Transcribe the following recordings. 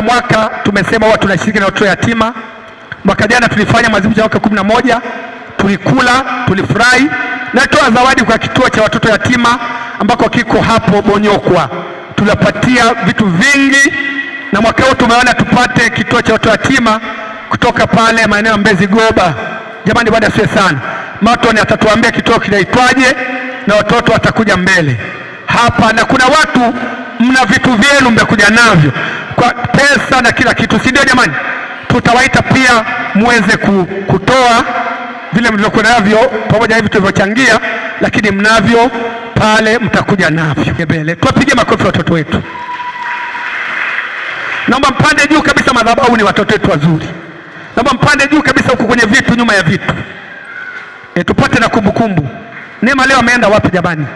kila mwaka tumesema huwa tunashiriki na watoto yatima. Mwaka jana tulifanya maadhimisho ya mwaka kumi na moja, tulikula, tulifurahi na toa zawadi kwa kituo cha watoto yatima ambako kiko hapo Bonyokwa. Tulipatia vitu vingi, na mwaka huu tumeona tupate kituo cha watoto yatima kutoka pale maeneo ya Mbezi Goba. Jamani, baada sio sana, Matoni atatuambia kituo kinaitwaje na watoto watakuja mbele hapa, na kuna watu mna vitu vyenu mmekuja navyo kwa pesa na kila kitu, si ndio? Jamani, tutawaita pia muweze kutoa vile mlivyokuwa navyo pamoja na hivi tulivyochangia, lakini mnavyo pale, mtakuja navyo mbele. Tuwapige makofi watoto wetu, naomba mpande juu kabisa. Madhabahu ni watoto wetu wazuri, naomba mpande juu kabisa huko kwenye vitu, nyuma ya vitu e, tupate na kumbukumbu. Neema leo ameenda wapi jamani?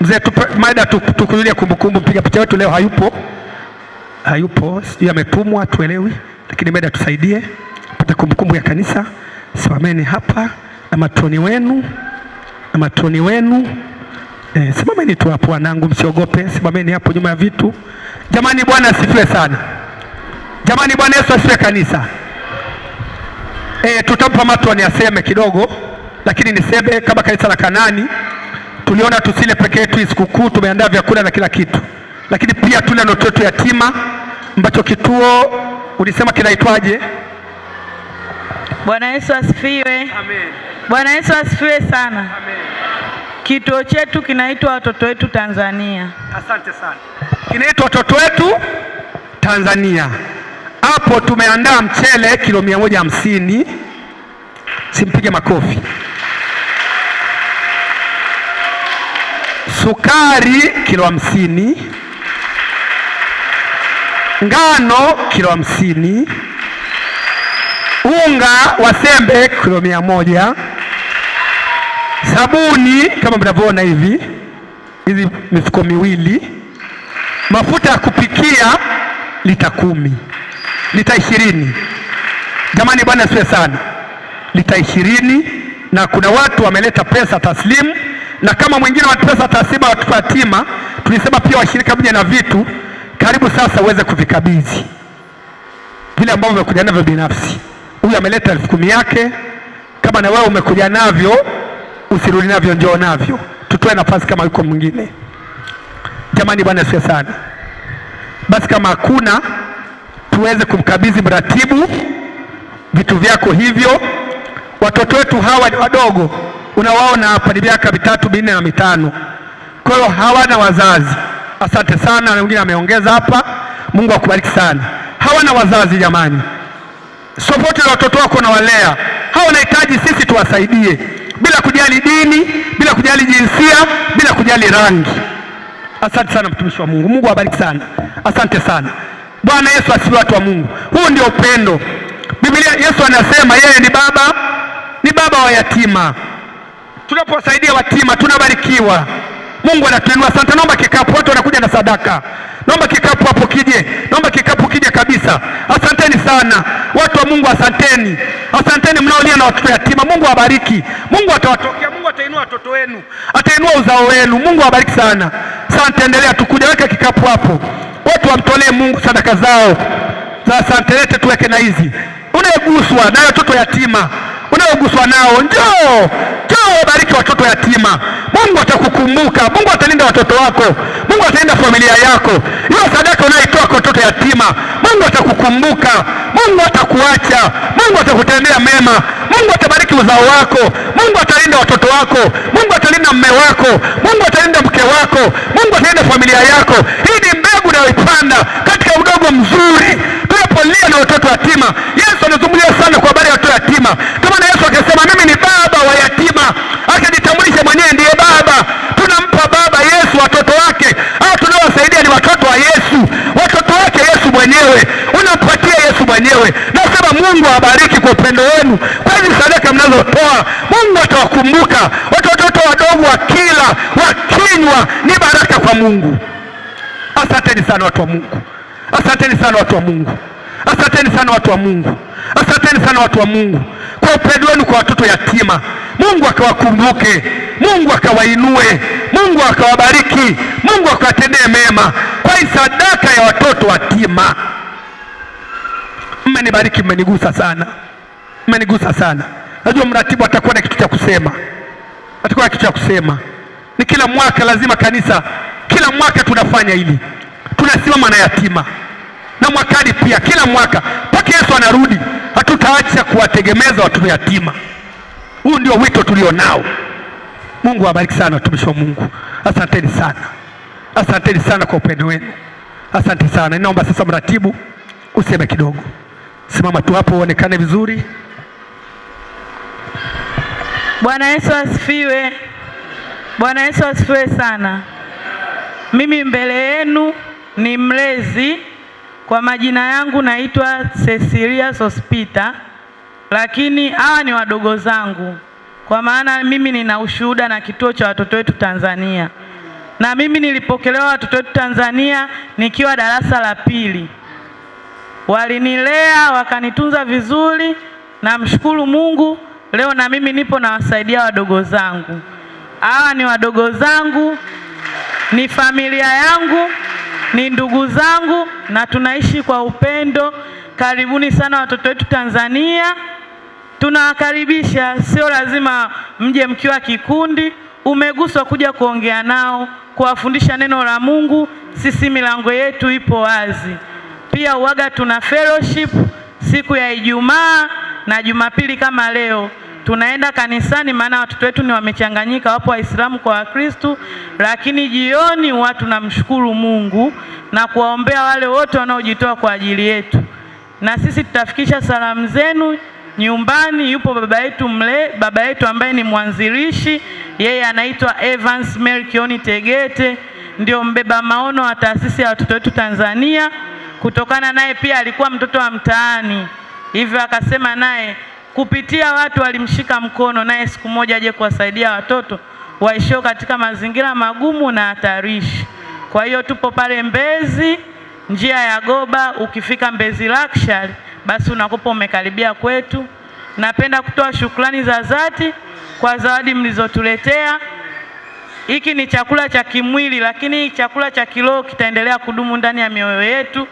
Mzee Maida, tukujulia kumbukumbu. Mpiga picha wetu leo hayupo hayupo, sijui ametumwa, tuelewi, lakini meda tusaidie pata kumbukumbu ya kanisa. Simameni hapa na matoni wenu na matoni wenu eh, simameni tu hapo wanangu, msiogope, simameni hapo nyuma ya vitu. Jamani, Bwana asifiwe sana. Jamani, Bwana Yesu asifiwe kanisa. Eh, tutampa matoni aseme kidogo, lakini niseme kama kanisa la Kanani tuliona tusile peke yetu, sikukuu tumeandaa vyakula na kila kitu lakini pia tuna watoto yatima ambacho kituo ulisema kinaitwaje? Bwana Yesu asifiwe. Amen. Bwana Yesu asifiwe sana. Amen. Kituo chetu kinaitwa watoto wetu Tanzania. Asante sana. Kinaitwa watoto wetu Tanzania. Hapo tumeandaa mchele kilo mia moja hamsini. Simpige makofi. Sukari kilo hamsini ngano kilo hamsini, unga wa sembe kilo mia moja, sabuni kama mnavyoona hivi, hizi mifuko miwili, mafuta ya kupikia lita kumi, lita ishirini. Jamani bwana siwe sana, lita ishirini. Na kuna watu wameleta pesa taslimu, na kama mwingine wa pesa taslimu watupatima, tulisema pia washirika mje na vitu karibu sasa uweze kuvikabidhi vile ambavyo umekuja navyo binafsi. Huyu ameleta elfu kumi yake, kama na wewe umekuja navyo, usirudi navyo, njoo navyo, tutoe nafasi kama yuko mwingine. Jamani, Bwana sio sana. Basi kama hakuna, tuweze kumkabidhi mratibu vitu vyako hivyo. Watoto wetu hawa ni wadogo, unawaona hapa ni miaka mitatu minne na mitano, kwa hiyo hawana wazazi. Asante sana, na wengine ameongeza hapa. Mungu akubariki sana. Hawana wazazi jamani, sopote watoto wako na walea hawa, wanahitaji sisi tuwasaidie, bila kujali dini, bila kujali jinsia, bila kujali rangi. Asante sana mtumishi wa Mungu, Mungu awabariki sana, asante sana. Bwana Yesu asifiwe, watu wa Mungu. Huu ndio upendo. Biblia, Yesu anasema yeye ni baba, ni baba wa yatima. Tunapowasaidia watima tunabarikiwa. Mungu anatuinua. Asante, naomba kikapu, watu wanakuja na sadaka, naomba kikapu hapo kije, naomba kikapu kije kabisa. Asanteni sana watu wa Mungu, asanteni, asanteni mnaolia na watoto yatima. Mungu awabariki, Mungu atawatokea, Mungu atainua watoto wenu, atainua uzao wenu. Mungu awabariki sana. Asante, endelea tukuja, weka kikapu hapo, watu wamtolee Mungu sadaka zao za asante. Lete tuweke na hizi unayeguswa na watoto yatima kuguswa nao, njoo njoo, wabariki watoto yatima. Mungu atakukumbuka, Mungu atalinda watoto wako, Mungu atalinda familia yako. Hiyo sadaka unayoitoa kwa watoto yatima, Mungu atakukumbuka, Mungu atakuacha, Mungu atakutendea mema, Mungu atabariki uzao wako, Mungu atalinda watoto wako, Mungu atalinda mme wako, Mungu atalinda mke wako, Mungu atalinda familia yako. Hii ni mbegu unayoipanda katika udogo mzuri. Tunapolia na watoto yatima, Yesu anazungumzia sana kwa upendo wenu kwa hizi sadaka mnazotoa. Mungu atawakumbuka watoto wadogo, wakila wakinywa ni baraka kwa Mungu. Asanteni sana watu wa Mungu, asanteni sana watu wa Mungu, asanteni sana watu wa Mungu, asanteni sana watu wa Mungu kwa upendo wenu kwa watoto yatima. Mungu akawakumbuke, Mungu akawainue, Mungu akawabariki, Mungu akawatendee mema kwa sadaka ya watoto yatima. Mmenibariki, mmenigusa sana imenigusa sana. Najua mratibu atakuwa na kitu cha kusema, atakuwa na kitu cha kusema. Ni kila mwaka lazima kanisa, kila mwaka tunafanya hili, tunasimama na yatima na mwakani pia, kila mwaka mpaka Yesu anarudi, hatutaacha kuwategemeza watu yatima. Huu ndio wito tulio nao. Mungu awabariki sana watumishi wa Mungu, asanteni sana, asanteni sana kwa upendo wenu, asante sana. Ninaomba sasa mratibu useme kidogo, simama tu hapo uonekane vizuri. Bwana Yesu asifiwe. Bwana Yesu asifiwe sana. Mimi mbele yenu ni mlezi, kwa majina yangu naitwa Cecilia Sospita, lakini hawa ni wadogo zangu, kwa maana mimi nina ushuhuda na kituo cha watoto wetu Tanzania, na mimi nilipokelewa watoto wetu Tanzania nikiwa darasa la pili. Walinilea wakanitunza vizuri, namshukuru Mungu. Leo na mimi nipo nawasaidia wadogo zangu. Hawa ni wadogo zangu, ni familia yangu, ni ndugu zangu na tunaishi kwa upendo. Karibuni sana watoto wetu Tanzania, tunawakaribisha. Sio lazima mje mkiwa kikundi. Umeguswa kuja kuongea nao, kuwafundisha neno la Mungu, sisi milango yetu ipo wazi. Pia uwaga tuna fellowship siku ya Ijumaa na Jumapili kama leo tunaenda kanisani, maana watoto wetu ni wamechanganyika, wapo Waislamu kwa Wakristu, lakini jioni watu tunamshukuru Mungu na kuwaombea wale wote wanaojitoa kwa ajili yetu. Na sisi tutafikisha salamu zenu nyumbani. Yupo baba yetu mle, baba yetu ambaye ni mwanzilishi, yeye anaitwa Evans Melkioni Kioni Tegete, ndio mbeba maono wa taasisi ya watoto wetu Tanzania. Kutokana naye pia alikuwa mtoto wa mtaani Hivyo akasema naye kupitia watu walimshika mkono, naye siku moja aje kuwasaidia watoto waishio katika mazingira magumu na hatarishi. Kwa hiyo tupo pale Mbezi, njia ya Goba. Ukifika Mbezi Luxury, basi unakopa umekaribia kwetu. Napenda kutoa shukrani za dhati kwa zawadi mlizotuletea. Hiki ni chakula cha kimwili, lakini chakula cha kiroho kitaendelea kudumu ndani ya mioyo yetu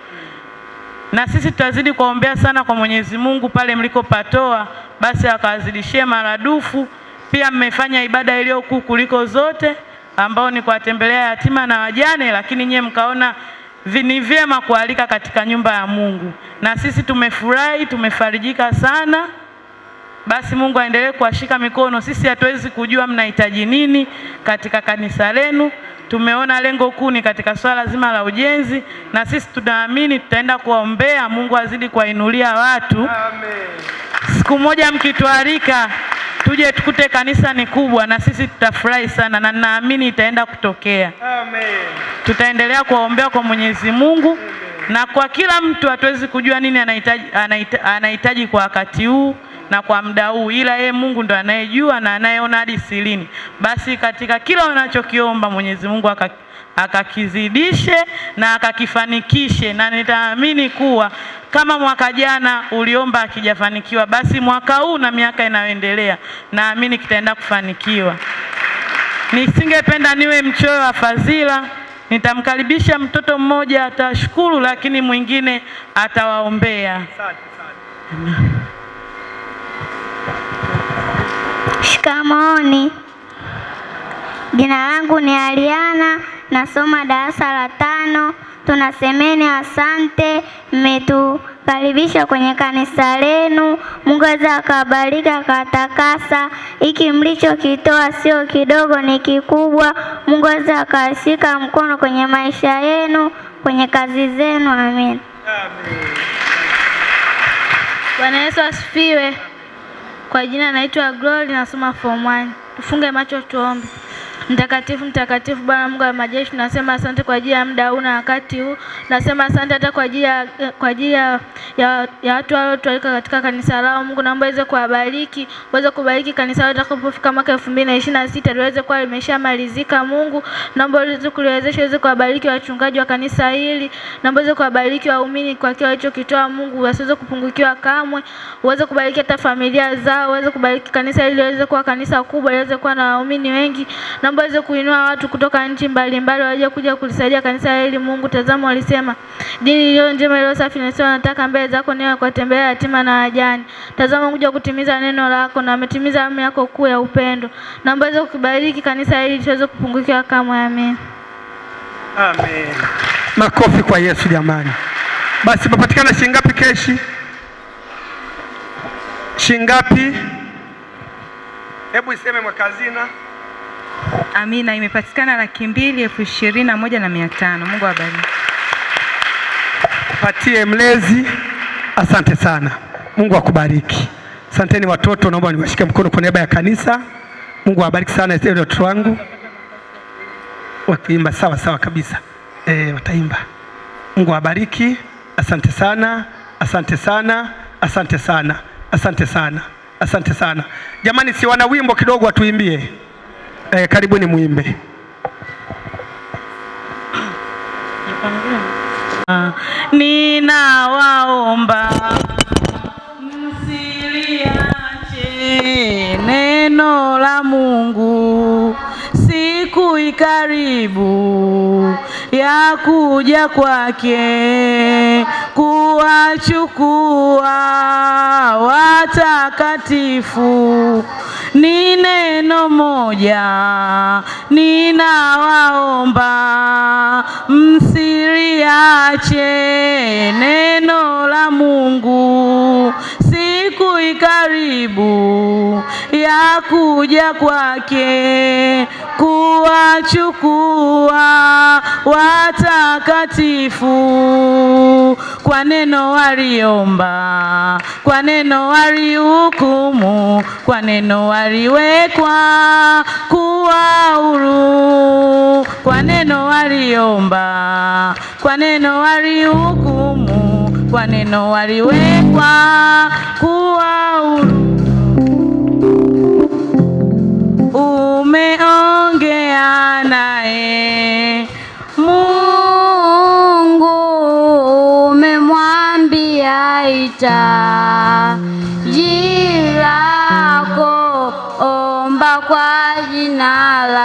na sisi tutazidi kuwaombea sana kwa Mwenyezi Mungu pale mlikopatoa, basi akawazidishie maradufu. Pia mmefanya ibada iliyo kuu kuliko zote, ambao ni kuwatembelea yatima na wajane, lakini nyie mkaona ni vyema kualika katika nyumba ya Mungu, na sisi tumefurahi, tumefarijika sana. Basi Mungu aendelee kuwashika mikono. Sisi hatuwezi kujua mnahitaji nini katika kanisa lenu tumeona lengo kuu ni katika swala zima la ujenzi, na sisi tunaamini tutaenda kuwaombea, Mungu azidi kuwainulia watu. Siku moja mkitualika tuje tukute kanisa ni kubwa, na sisi tutafurahi sana, na ninaamini itaenda kutokea. Amen. Tutaendelea kuwaombea kwa Mwenyezi Mungu Amen. Na kwa kila mtu, hatuwezi kujua nini anahitaji, anahitaji, anahitaji kwa wakati huu na kwa muda huu, ila yeye Mungu ndo anayejua na anayeona hadi silini. Basi katika kila unachokiomba Mwenyezi Mungu akakizidishe na akakifanikishe, na nitaamini kuwa kama mwaka jana uliomba akijafanikiwa, basi mwaka huu na miaka inayoendelea naamini kitaenda kufanikiwa. Nisingependa niwe mchoyo wa fadhila. Nitamkaribisha mtoto mmoja atashukuru, lakini mwingine atawaombea. Shikamoni, Jina langu ni Aliana, nasoma darasa la tano. Tunasemeni asante, mmetukaribisha kwenye kanisa lenu. Mungu aweza akabariki akatakasa. Hiki mlichokitoa sio kidogo, ni kikubwa. Mungu aweza akashika mkono kwenye maisha yenu, kwenye kazi zenu. Amen, amen. Bwana Yesu asifiwe. Kwa jina naitwa Glory, nasoma form 1. Tufunge macho tuombe. Mtakatifu, mtakatifu Bwana Mungu wa majeshi, nasema asante kwa ajili ya muda huu na wakati huu. Nasema asante hata kwa ajili ya kwa ajili ya, ya, watu wao waliotualika katika kanisa lao. Mungu naomba uweze kuwabariki, uweze kubariki kanisa lao litakapofika mwaka 2026 liweze kuwa limeshamalizika. Mungu naomba uweze kuliwezesha, uweze kuwabariki wachungaji wa kanisa hili, naomba uweze kuwabariki waumini kwa kile walichokitoa. Mungu wasiweze kupungukiwa kamwe, uweze kubariki hata familia zao, uweze kubariki kanisa hili liweze kuwa kanisa kubwa, liweze kuwa na waumini wengi. Naomba mkubwa aweze kuinua watu kutoka nchi mbalimbali waje kuja kulisaidia kanisa hili. Mungu tazama, walisema dini iliyo njema iliyo safi na sio, nataka mbele zako niwe kuwatembelea yatima na wajane. Tazama, kuja kutimiza neno lako na ametimiza amri yako kuu ya upendo. Naomba uweze kukibariki kanisa hili tuweze kupungukiwa kamwe. Amen. Amen. Makofi kwa Yesu jamani. Basi papatikana shingapi keshi? Shingapi? Hebu iseme mwakazina Amina, imepatikana laki mbili elfu ishirini na moja na mia tano. Mungu awabariki. Patie mlezi, asante sana. Mungu akubariki. Asanteni watoto, naomba niwashike mkono kwa niaba ya kanisa. Mungu awabariki sana watoto wangu wakiimba sawa sawa kabisa. E, wataimba. Mungu awabariki. Asante sana, asante sana, asante sana, asante sana, asante sana. Jamani, si wana wimbo kidogo watuimbie. Eh, karibuni muimbe. Ah, ninawaomba msiliache neno la Mungu siku ikaribu ya kuja kwake kuwachukua watakatifu ni neno moja, ninawaomba msiliache neno la Mungu, siku ikaribu ya kuja kwake kuwachukua watakatifu kwa neno waliomba, kwa neno walihukumu, kwa neno waliwekwa kuwa huru, kwa neno waliomba, kwa neno walihukumu, kwa neno waliwekwa kuwa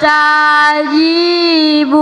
atajibu.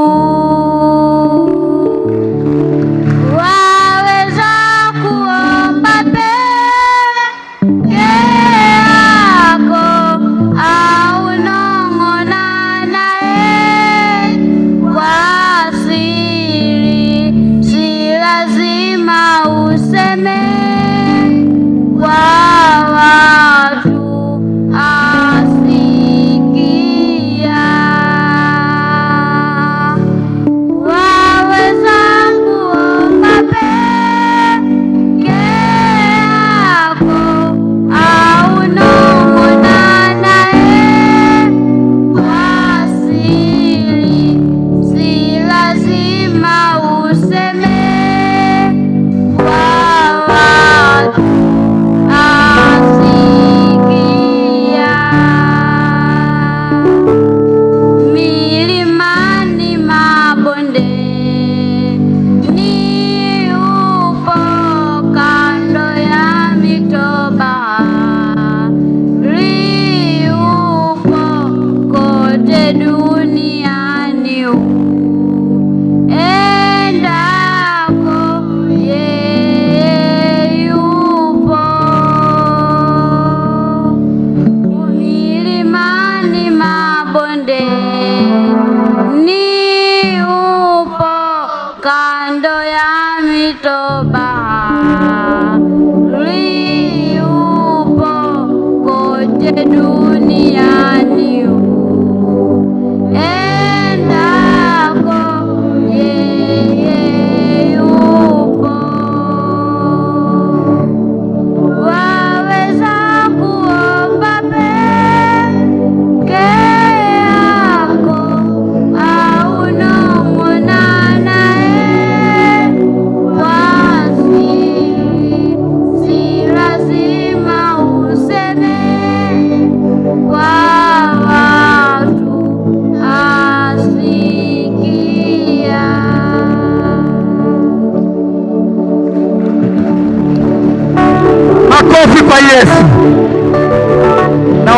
dunia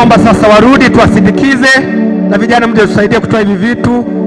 naomba sasa warudi tuwasindikize, na vijana mje tusaidie kutoa hivi vitu.